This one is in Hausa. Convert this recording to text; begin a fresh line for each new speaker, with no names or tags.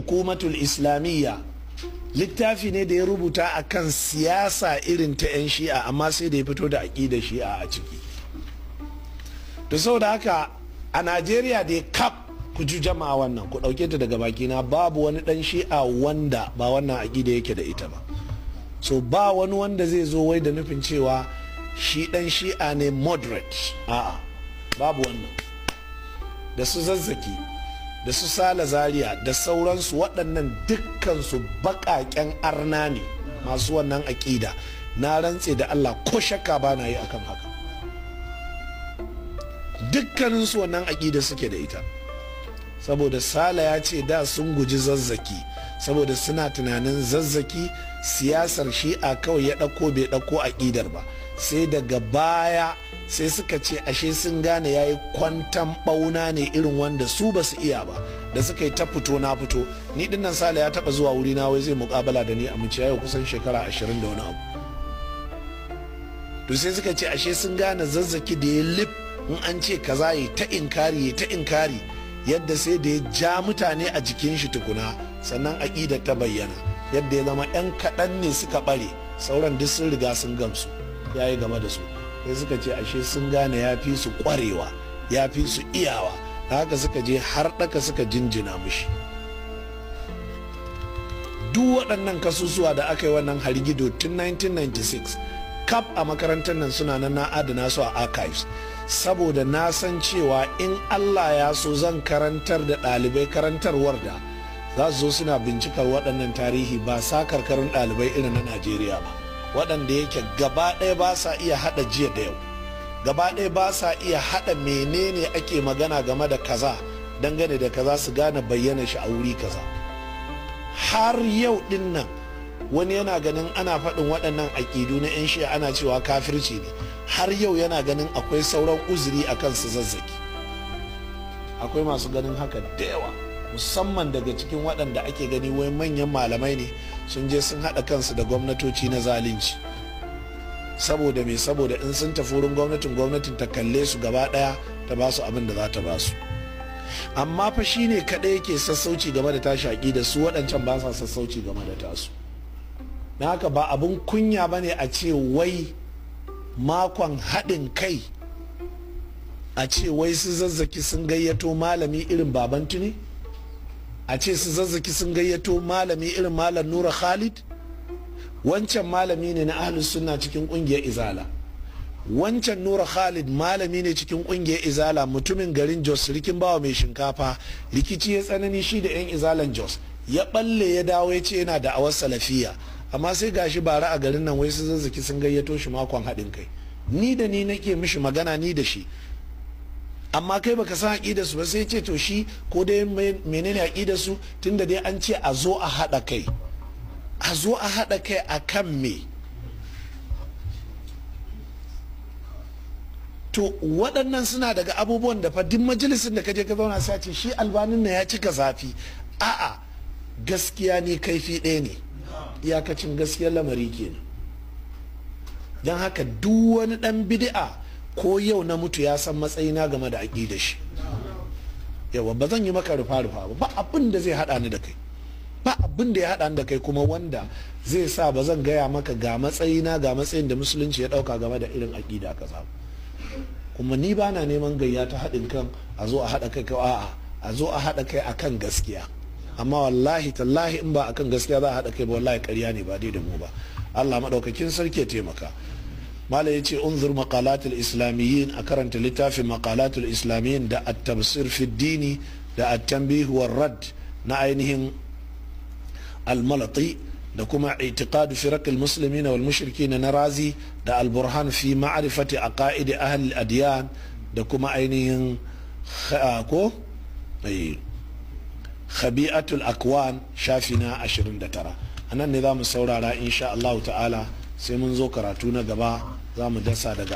hukumatul islamiyya littafi ne da ya rubuta a kan siyasa irin ta 'yan shi'a amma sai da ya fito da aƙida shi'a a ciki da saboda haka a najeriya da ya kap ku ji jama'a wannan ku ɗauke ta daga bakina babu wani ɗan shi'a wanda ba wannan aƙida yake da ita ba so ba wani wanda zai zo wai da nufin cewa shi ɗan shi'a ne moderate a'a babu wannan da su zazzaki da su sala zaria da sauransu waɗannan dukkansu baƙaƙen arna ne masu wannan aƙida na rantse da allah ko shakka ba na yi akan haka dukkaninsu wannan aƙida suke da ita saboda sala ya ce da sun guji zazzaki saboda suna tunanin zazzaki siyasar shi'a kawai ya ɗauko bai ɗako aƙidar ba sai daga baya sai suka ce ashe sun gane ya yi kwantan ɓauna ne irin wanda su ba su iya ba da suka yi ta fito na fito ni dinnan sala ya taɓa zuwa wuri na wai zai muƙabala da ni a mace yau kusan shekara ashirin da wani abu to sai suka ce ashe sun gane zazzaki da ya lif in an ce kaza ya ta inkari ya ta inkari yadda sai da ya ja mutane a jikin shi tukuna sannan aƙida ta bayyana yadda ya zama 'yan kaɗan ne suka ɓare sauran duk sun riga sun gamsu ya yi game da su sai suka ce ashe sun gane ya fi su ƙwarewa ya fi su iyawa Da haka suka je har ɗaka suka jinjina mushi duk waɗannan kasusuwa da aka yi wannan hargido tun 1996 kaf a makarantar nan suna nan na adana su a archives saboda na san cewa in Allah ya so zan karantar da ɗalibai karantarwar da za su zo suna bincikar waɗannan tarihi ba sa karkarun ɗalibai irin na Najeriya ba waɗanda yake gaba ɗaya ba sa iya haɗa jiya da yau gaba ɗaya ba sa iya haɗa menene ake magana game da kaza dangane da kaza su gane bayyana shi a wuri kaza har yau ɗin nan wani yana ganin ana faɗin waɗannan aƙidu na 'yan shi'a ana cewa kafirci ne har yau yana ganin akwai sauran uzuri a kansu zazzaki akwai masu ganin haka da yawa musamman daga cikin waɗanda ake gani wai manyan malamai ne sun je sun haɗa kansu da gwamnatoci na zalunci saboda mai saboda in sun tafi wurin gwamnatin gwamnatin ta kalle su gaba ɗaya ta ba su abin da za ta ba su amma fa shi ne kaɗai yake sassauci game da tashi da su waɗancan ba sa sassauci game da tasu na haka ba abun kunya ba ne a ce wai makon haɗin kai a ce wai su zazzaki sun gayyato malami irin baban tuni a ce su zazzaki sun gayyato malami irin malam nura khalid wancan malami ne na ahlus suna cikin ƙungiyar izala wancan nura khalid malami ne cikin ƙungiyar izala mutumin garin jos rikin bawa mai shinkafa rikici ya tsanani shi da 'yan izalan jos ya balle ya dawo ya ce yana da awar salafiya amma sai gashi bara a garin nan wai su zazzaki sun gayyato shi makon haɗin kai ni da ni nake mishi magana ni da shi amma kai baka san aƙidar su ba sai ce to shi ko dai menene aƙidar su tunda dai an ce a zo a haɗa kai a zo a haɗa kai a kan me to waɗannan suna daga abubuwan da fa duk majalisin da kaje ka zauna sai ce shi albanin na ya cika zafi a'a gaskiya ni kaifi ɗaya ne iyakacin gaskiyar lamari kenan don haka duk wani ɗan bidi'a ko yau na mutu ya san matsayina game da aƙida shi yawa ba zan yi maka rufa rufa ba abin da zai haɗa ni da kai ba abin da ya haɗa ni da kai kuma wanda zai sa ba zan gaya maka ga matsayina ga matsayin da musulunci ya ɗauka game da irin aƙida ka samu kuma ni ba na neman gayya ta haɗin kan a zo a haɗa kai a'a a zo a haɗa kai akan gaskiya amma wallahi tallahi in ba akan gaskiya za a haɗa kai ba wallahi ƙarya ne ba dai da mu ba Allah maɗaukakin sarki ya taimaka malam ya ce unzur maqalatul islamiyyin a karanta littafin maqalatul islamiyyin da at-tafsir fi dini da at-tanbih rad na ainihin al-malati da kuma i'tiqad firaqil muslimin wal mushrikin na razi da al-burhan fi ma'rifati aqaid ahli al-adyan da kuma ainihin ko khabi'atul akwan shafi na 29 tara nan ne za mu saurara insha Allah ta'ala sai mun zo karatu na gaba za mu dasa daga